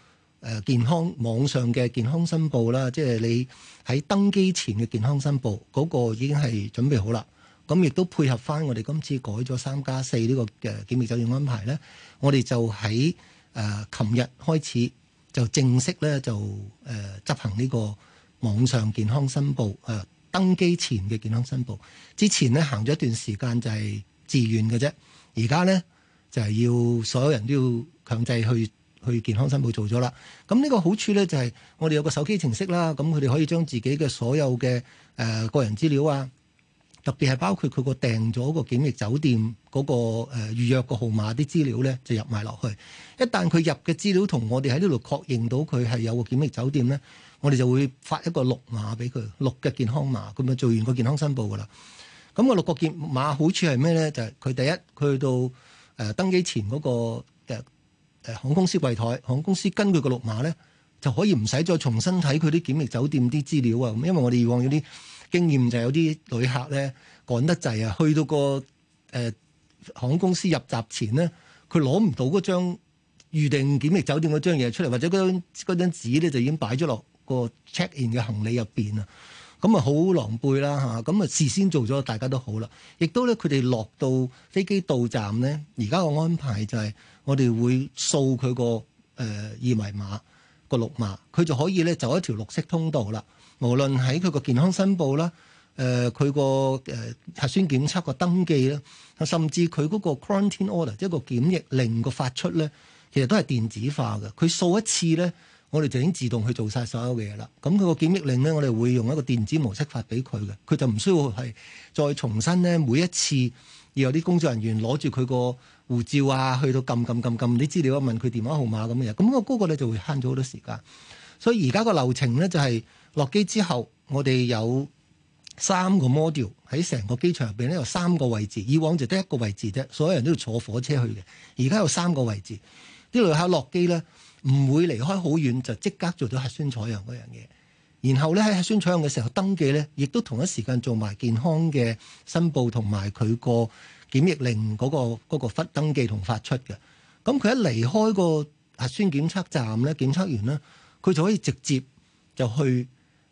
誒健康網上嘅健康申報啦，即係你喺登機前嘅健康申報嗰個已經係準備好啦。咁亦都配合翻我哋今次改咗三加四呢個嘅檢疫酒店安排呢。我哋就喺誒琴日開始就正式呢就、呃、執行呢個網上健康申報、呃、登機前嘅健康申報。之前呢行咗一段時間就係自願嘅啫，而家呢，就係要所有人都要強制去。去健康申報做咗啦，咁呢個好處咧就係我哋有個手機程式啦，咁佢哋可以將自己嘅所有嘅誒、呃、個人資料啊，特別係包括佢個訂咗個檢疫酒店嗰、那個誒預、呃、約個號碼啲資料咧，就入埋落去。一旦佢入嘅資料同我哋喺呢度確認到佢係有個檢疫酒店咧，我哋就會發一個綠碼俾佢綠嘅健康碼，咁啊做完個健康申報噶啦。咁、那個綠個健碼好處係咩咧？就係、是、佢第一，佢去到誒、呃、登機前嗰、那個。航空公司櫃台，航空公司根據個綠碼咧，就可以唔使再重新睇佢啲檢疫酒店啲資料啊。因為我哋以往有啲經驗，就係有啲旅客咧趕得滯啊，去到個、呃、航空公司入閘前咧，佢攞唔到嗰張預定檢疫酒店嗰張嘢出嚟，或者嗰張嗰張紙咧就已經擺咗落個 check in 嘅行李入邊啊。咁啊好狼狽啦嚇，咁啊事先做咗大家都好啦，亦都咧佢哋落到飛機到站咧，而家個安排就係。我哋會掃佢個二維碼個綠碼，佢就可以咧走一條綠色通道啦。無論喺佢個健康申報啦、佢個核酸檢測個登記啦，甚至佢嗰個 quarantine order 即係個檢疫令個發出咧，其實都係電子化嘅。佢掃一次咧，我哋就已經自動去做晒所有嘅嘢啦。咁佢個檢疫令咧，我哋會用一個電子模式發俾佢嘅，佢就唔需要係再重新咧每一次，而有啲工作人員攞住佢個。護照啊，去到撳撳撳撳啲資料，問佢電話號碼咁嘅嘢，咁個 call 過咧就會慳咗好多時間。所以而家個流程咧就係落機之後，我哋有三個 module 喺成個機場入邊咧，有三個位置，以往就得一個位置啫，所有人都要坐火車去嘅。而家有三個位置，啲旅客落機咧唔會離開好遠，就即刻做到核酸採樣嗰樣嘢。然後咧喺核酸採樣嘅時候登記咧，亦都同一時間做埋健康嘅申報同埋佢個。檢疫令嗰、嗰個嗰忽、嗰個、登記同發出嘅，咁佢一離開個核酸檢測站咧，檢測完咧，佢就可以直接就去、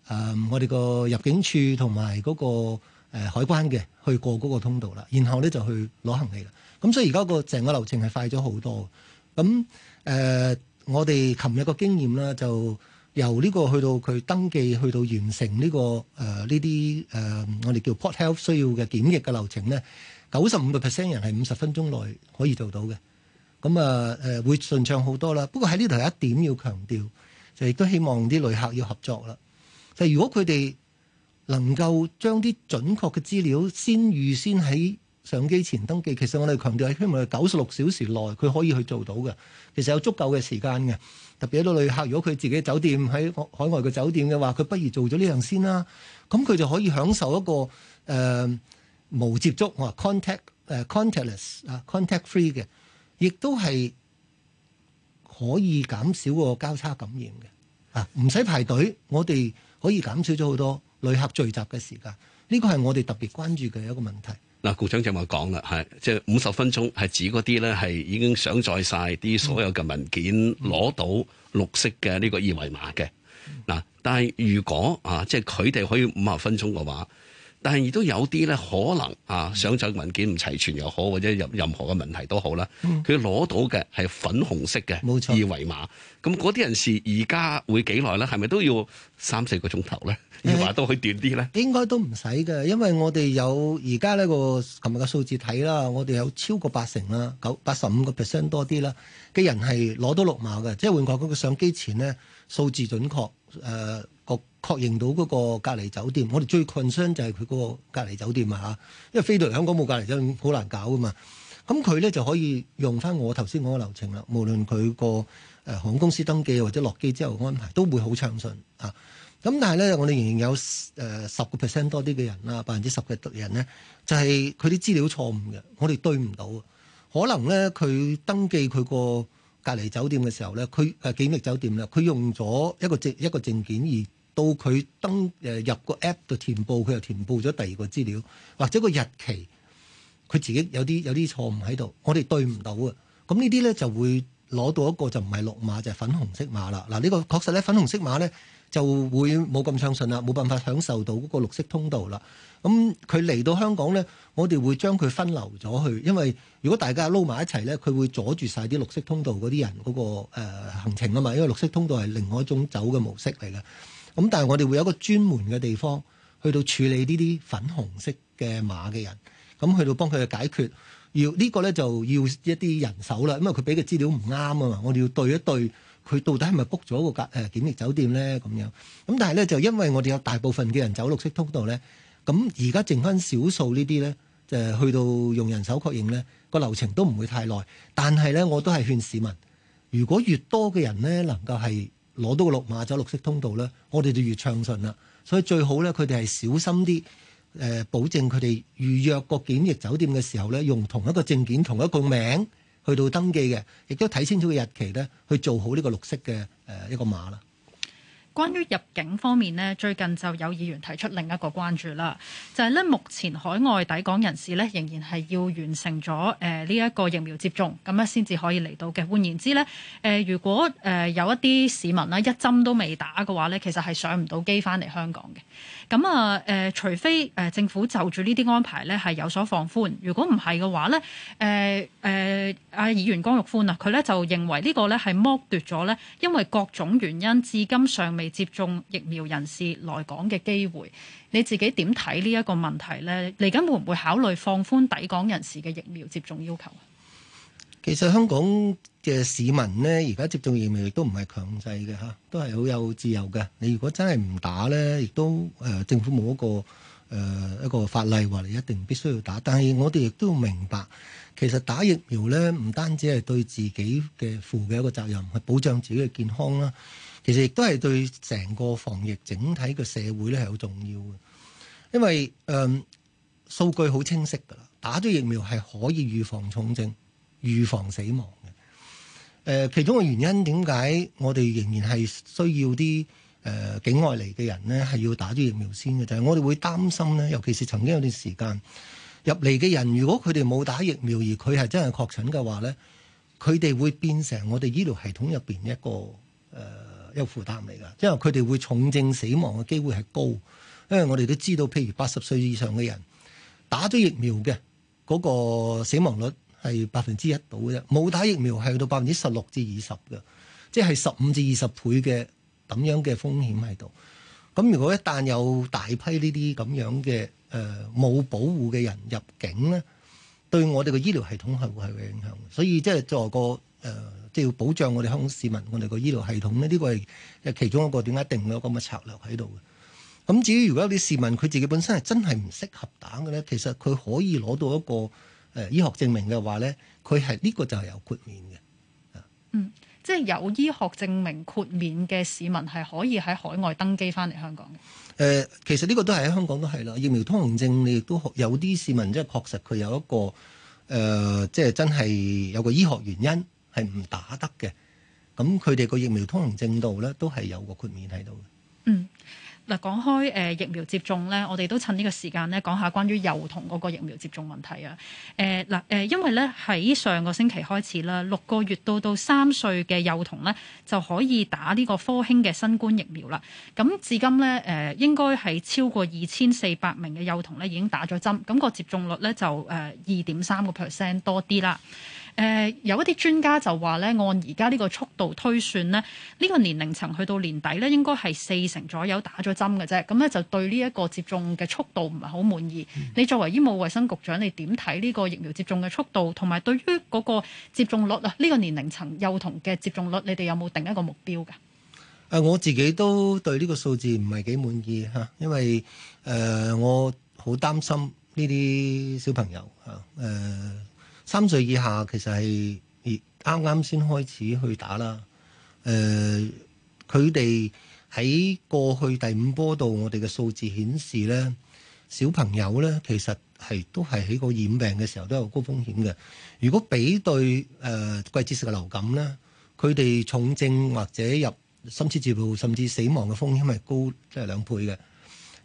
呃、我哋個入境處同埋嗰個、呃、海關嘅去過嗰個通道啦，然後咧就去攞行李啦。咁所以而家個整個流程係快咗好多。咁、呃、我哋琴日個經驗啦就由呢個去到佢登記，去到完成呢、呢個呢啲、呃呃、我哋叫 port health 需要嘅檢疫嘅流程咧。九十五個 percent 人係五十分鐘內可以做到嘅，咁啊誒會順暢好多啦。不過喺呢度有一點要強調，就係亦都希望啲旅客要合作啦。就係、如果佢哋能夠將啲準確嘅資料先預先喺上機前登記，其實我哋強調係希望係九十六小時內佢可以去做到嘅，其實有足夠嘅時間嘅。特別係啲旅客，如果佢自己酒店喺海外嘅酒店嘅話，佢不如做咗呢樣先啦，咁佢就可以享受一個誒。呃無接觸啊，contact contactless 啊，contact free 嘅，亦都係可以減少個交叉感染嘅啊！唔使排隊，我哋可以減少咗好多旅客聚集嘅時間。呢個係我哋特別關注嘅一個問題。嗱、嗯，局長就話講啦，係即係五十分鐘係指嗰啲咧係已經上載晒啲所有嘅文件，攞、嗯嗯、到綠色嘅呢個二維碼嘅。嗱、嗯，但係如果啊，即係佢哋可以五十分鐘嘅話，但係亦都有啲咧，可能啊上載文件唔齊全，又好，或者任任何嘅問題都好啦。佢、嗯、攞到嘅係粉紅色嘅冇錯，二維碼，咁嗰啲人士而家會幾耐咧？係咪都要三四個鐘頭咧？而、哎、話都可以短啲咧？應該都唔使嘅，因為我哋有而家呢個琴日嘅數字睇啦，我哋有超過八成啦，九八十五個 percent 多啲啦嘅人係攞到綠碼嘅，即係換句講，佢上機前咧數字準確誒。呃確確認到嗰個隔離酒店，我哋最困傷就係佢嗰個隔離酒店啊嚇，因為飛到嚟香港冇隔離酒店，好難搞噶嘛。咁佢咧就可以用翻我頭先講嘅流程啦。無論佢個誒航空公司登記或者落機之後嘅安排，都會好暢順啊。咁但係咧，我哋仍然有誒十個 percent 多啲嘅人啦，百分之十嘅人咧，就係佢啲資料錯誤嘅，我哋對唔到，可能咧佢登記佢個。隔離酒店嘅時候咧，佢誒景逸酒店啦，佢用咗一個證一個證件而，而到佢登誒、呃、入個 app 度填報，佢又填報咗第二個資料或者個日期，佢自己有啲有啲錯誤喺度，我哋對唔到啊！咁、嗯、呢啲咧就會攞到一個就唔係綠碼就係、係、粉紅色碼啦。嗱、啊、呢、呢個確實咧粉紅色碼咧，就會冇咁暢順啦，冇辦法享受到嗰個綠色通道啦。咁佢嚟到香港呢，我哋會將佢分流咗去，因為如果大家撈埋一齊呢，佢會阻住晒啲綠色通道嗰啲人嗰、個、呃、行程啊嘛。因為綠色通道係另外一種走嘅模式嚟嘅。咁、嗯、但係我哋會有一個專門嘅地方去到處理呢啲粉紅色嘅碼嘅人，咁去到幫佢去解決。要呢、呢個呢，就要一啲人手啦，因為佢俾嘅資料唔啱啊嘛，我哋要對一對。佢到底係咪 book 咗個隔誒檢疫酒店咧？咁樣咁，但係咧就因為我哋有大部分嘅人走綠色通道咧，咁而家剩翻少數呢啲咧，就去到用人手確認咧，個流程都唔會太耐。但係咧，我都係勸市民，如果越多嘅人咧能夠係攞到個綠碼走綠色通道咧，我哋就越暢順啦。所以最好咧，佢哋係小心啲誒，保證佢哋預約個檢疫酒店嘅時候咧，用同一個證件同一個名，去到登記嘅，亦都睇清楚個日期咧，去做好呢個綠色嘅誒一個碼啦。關於入境方面呢，最近就有議員提出另一個關注啦，就係、是、咧目前海外抵港人士咧仍然係要完成咗誒呢一個疫苗接種，咁咧先至可以嚟到嘅。換言之咧，誒、呃、如果誒、呃、有一啲市民呢，一針都未打嘅話咧，其實係上唔到機返嚟香港嘅。咁啊誒，除非誒政府就住呢啲安排咧係有所放寬，如果唔係嘅話咧，誒、呃、誒，啊、呃、議員、呃、江玉歡啊，佢咧就認為呢個咧係剝奪咗咧，因為各種原因至今尚未接種疫苗人士來港嘅機會，你自己點睇呢一個問題呢？嚟緊會唔會考慮放寬抵港人士嘅疫苗接種要求啊？其實香港嘅市民呢，而家接種疫苗亦都唔係強制嘅吓，都係好有自由嘅。你如果真係唔打呢，亦都誒、呃，政府冇一個誒、呃、一個法例話你一定必須要打。但係我哋亦都要明白，其實打疫苗呢，唔單止係對自己嘅負嘅一個責任，係保障自己嘅健康啦。其實亦都係對成個防疫整體嘅社會咧係好重要嘅，因為誒、嗯、數據好清晰㗎啦，打咗疫苗係可以預防重症、預防死亡嘅。誒、呃，其中嘅原因點解我哋仍然係需要啲誒、呃、境外嚟嘅人咧，係要打咗疫苗先嘅，就係我哋會擔心咧。尤其是曾經有段時間入嚟嘅人，如果佢哋冇打疫苗而佢係真係確診嘅話咧，佢哋會變成我哋醫療系統入邊一個誒、呃有負擔嚟㗎，因為佢哋會重症死亡嘅機會係高，因為我哋都知道，譬如八十歲以上嘅人打咗疫苗嘅嗰個死亡率係百分之一度嘅啫，冇打疫苗係去到百分之十六至二十嘅，即係十五至二十倍嘅咁樣嘅風險喺度。咁如果一旦有大批呢啲咁樣嘅誒冇保護嘅人入境咧，對我哋嘅醫療系統係會有影響的，所以即係作為個。誒、呃，即係要保障我哋香港市民，我哋個醫療系統呢，呢、呢個係誒其中一個點解定咗咁嘅策略喺度嘅。咁、嗯、至於如果有啲市民佢自己本身係真係唔適合打嘅咧，其實佢可以攞到一個誒、呃、醫學證明嘅話咧，佢係呢個就係有豁免嘅。嗯，即係有醫學證明豁免嘅市民係可以喺海外登機翻嚟香港嘅。誒、呃，其實呢個都係喺香港都係啦，疫苗通行證，你亦都有啲市民即係確實佢有一個誒、呃，即係真係有個醫學原因。係唔打得嘅，咁佢哋個疫苗通行證度呢都係有個豁免喺度。嗯，嗱，講開、呃、疫苗接種呢，我哋都趁呢個時間呢講下關於幼童嗰個疫苗接種問題啊。誒、呃，嗱，誒，因為呢，喺上個星期開始啦，六個月到到三歲嘅幼童呢就可以打呢個科興嘅新冠疫苗啦。咁至今呢誒、呃，應該係超過二千四百名嘅幼童呢已經打咗針，咁、個接種率呢就誒二點三個 percent 多啲啦。誒、呃、有一啲專家就話咧，按而家呢個速度推算呢，呢、呢個年齡層去到年底咧，應該係四成左右打咗針嘅啫。咁咧就對呢一個接種嘅速度唔係好滿意，嗯。你作為醫務衛生局長，你點睇呢個疫苗接種嘅速度，同埋對於嗰個接種率啊，呢、呢個年齡層幼童嘅接種率，你哋有冇定一個目標㗎，呃？我自己都對呢個數字唔係幾滿意嚇，因為誒、呃、我好擔心呢啲小朋友、呃三歲以下其實係啱啱先開始去打啦。誒，佢哋喺過去第五波度，我哋嘅數字顯示呢，小朋友呢其實係都係喺個染病嘅時候都有高風險嘅。如果比對誒季節性嘅流感呢，佢哋重症或者入深切治療甚至死亡嘅風險係高即係兩倍嘅。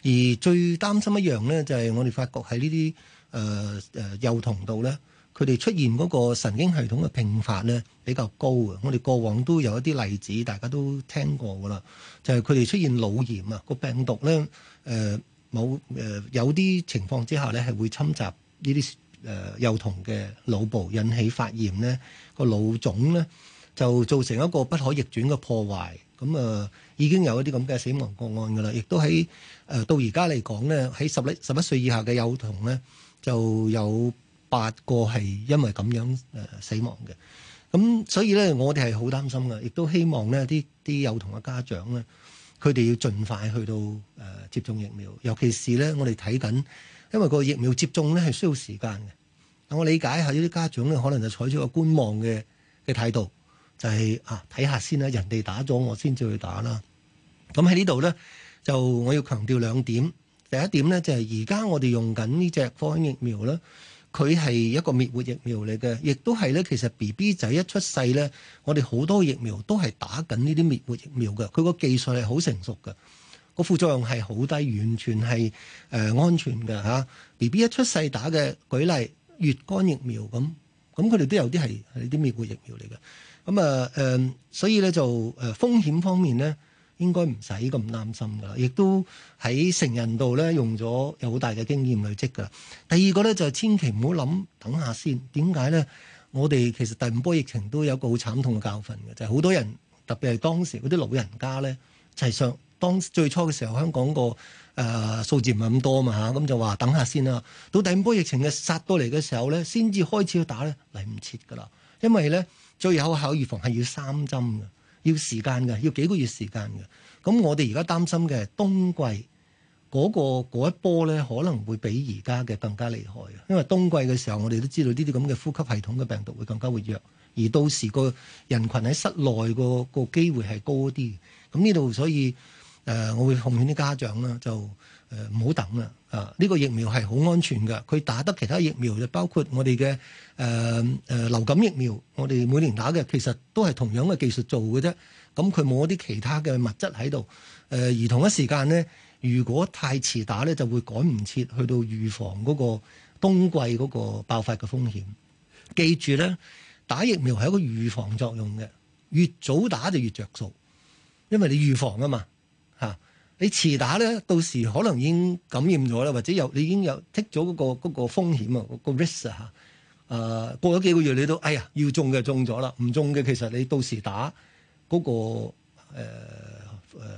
而最擔心一樣呢，就係我哋發覺喺呢啲誒誒幼童度呢。佢哋出現嗰個神經系統嘅併發咧比較高嘅，我哋過往都有一啲例子，大家都聽過㗎啦。就係佢哋出現腦炎啊，個病毒咧誒冇誒有啲情況之下咧係會侵襲呢啲誒幼童嘅腦部，引起發炎咧個腦腫咧就造成一個不可逆轉嘅破壞。咁啊、呃、已經有一啲咁嘅死亡個案㗎啦，亦都喺誒、呃、到而家嚟講咧喺十一、十一歲以下嘅幼童咧就有。八個係因為咁樣誒死亡嘅，咁所以咧我哋係好擔心嘅，亦都希望咧啲啲幼童嘅家長咧，佢哋要盡快去到誒、呃、接種疫苗，尤其是咧我哋睇緊，因為個疫苗接種咧係需要時間嘅。我理解一下，呢啲家長咧可能就採取個觀望嘅嘅態度，就係、是、啊睇下先啦，人哋打咗我先至去打啦。咁喺呢度咧就我要強調兩點，第一點咧就係而家我哋用緊呢隻科興疫苗啦。佢係一個滅活疫苗嚟嘅，亦都係咧。其實 B B 仔一出世咧，我哋好多疫苗都係打緊呢啲滅活疫苗嘅。佢個技術係好成熟嘅，個副作用係好低，完全係誒、呃、安全嘅吓。啊、B B 一出世打嘅，舉例乙肝疫苗咁，咁佢哋都有啲係呢啲滅活疫苗嚟嘅。咁啊誒，所以咧就誒、呃、風險方面咧，應該唔使咁擔心㗎，亦都喺成人度咧用咗有好大嘅經驗累積㗎。第二個咧就係、是、千祈唔好諗等下先，點解咧？我哋其實第五波疫情都有個好慘痛嘅教訓嘅，就係、是、好多人特別係當時嗰啲老人家咧，就係、是、上當最初嘅時候，香港個誒數字唔係咁多嘛嚇，咁、嗯、就話等下先啦。到第五波疫情嘅殺到嚟嘅時候咧，先至開始要打咧，嚟唔切㗎啦。因為咧最有效預防係要三針㗎。要時間嘅，要幾個月時間嘅。咁我哋而家擔心嘅冬季嗰個嗰一波呢，可能會比而家嘅更加厲害。因為冬季嘅時候，我哋都知道呢啲咁嘅呼吸系統嘅病毒會更加活躍，而到時個人群喺室內個個機會係高啲。咁呢度所以，呃，我會勸勸啲家長啦，就。誒唔好等啦！啊，呢個疫苗係好安全嘅，佢打得其他疫苗就包括我哋嘅、呃呃、流感疫苗，我哋每年打嘅其實都係同樣嘅技術做嘅啫。咁佢冇一啲其他嘅物質喺度。誒、呃、而同一時間咧，如果太遲打咧，就會趕唔切去到預防嗰個冬季嗰個爆發嘅風險。記住咧，打疫苗係一個預防作用嘅，越早打就越着數，因為你預防嘛啊嘛嚇。你遲打咧，到時可能已經感染咗啦，或者有你已經有剔咗嗰個嗰個風險啊，嗰個 risk 嚇、呃。誒過咗幾個月你都，哎呀，要中嘅中咗啦，唔中嘅其實你到時打嗰個誒、呃、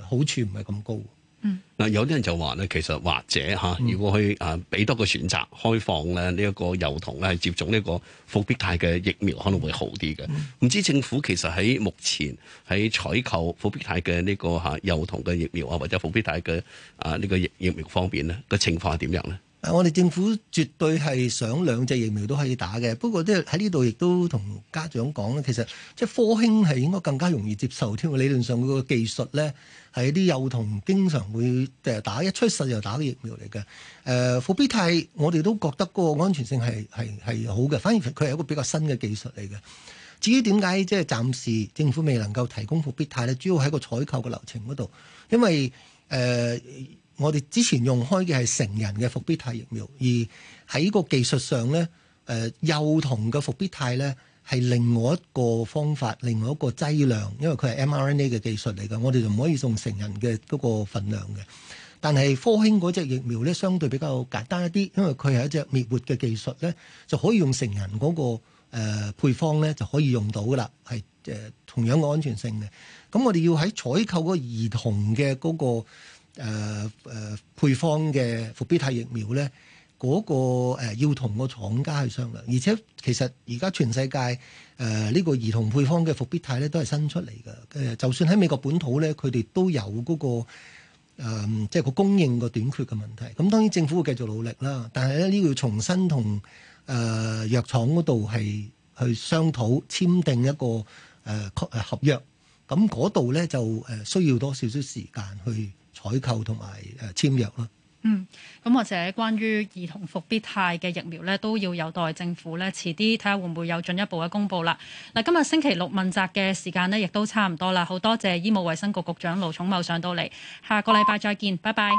好處唔係咁高。嗱、嗯，有啲人就話咧，其實或者吓，如果去誒俾多個選擇，開放咧呢一個幼童咧，接種呢個復必泰嘅疫苗，可能會好啲嘅。唔知政府其實喺目前喺採購復必泰嘅呢個吓幼童嘅疫苗啊，或者復必泰嘅啊呢個疫苗方面咧嘅情況係點樣咧？誒，我哋政府絕對係想兩隻疫苗都可以打嘅。不過咧，喺呢度亦都同家長講咧，其實即係科興係應該更加容易接受添。理論上嗰個技術咧，係一啲幼童經常會誒打一出世就打嘅疫苗嚟嘅，誒、呃、復必泰我哋都覺得嗰個安全性係係係好嘅，反而佢係一個比較新嘅技術嚟嘅。至於點解即係暫時政府未能夠提供復必泰咧，主要喺個採購嘅流程嗰度，因為誒、呃、我哋之前用開嘅係成人嘅復必泰疫苗，而喺個技術上咧誒、呃、幼童嘅復必泰咧。係另外一個方法，另外一個劑量，因為佢係 mRNA 嘅技術嚟㗎，我哋就唔可以用成人嘅嗰個份量嘅。但係科興嗰隻疫苗咧，相對比較簡單一啲，因為佢係一隻滅活嘅技術咧，就可以用成人嗰、嗰個、呃、配方咧就可以用到㗎啦，係誒、呃、同樣嘅安全性嘅。咁我哋要喺採購嗰個兒童嘅嗰、嗰個誒、呃呃、配方嘅復必泰疫苗咧。嗰、那個要同個廠家去商量，而且其實而家全世界呢、呃，這個兒童配方嘅復必泰咧都係新出嚟嘅，就算喺美國本土咧，佢哋都有嗰、那個即係、呃就是、個供應個短缺嘅問題。咁當然政府會繼續努力啦，但係咧呢個要重新同誒、呃、藥廠嗰度係去商討簽訂一個誒、呃、合約，咁嗰度咧就需要多少少時間去採購同埋誒簽約啦。嗯，咁或者關於兒童復必泰嘅疫苗呢都要有待政府呢遲啲睇下會唔會有進一步嘅公布啦。嗱，今日星期六問責嘅時間呢亦都差唔多啦。好多謝醫務衛生局局長盧寵茂上到嚟，下個禮拜再見，拜拜。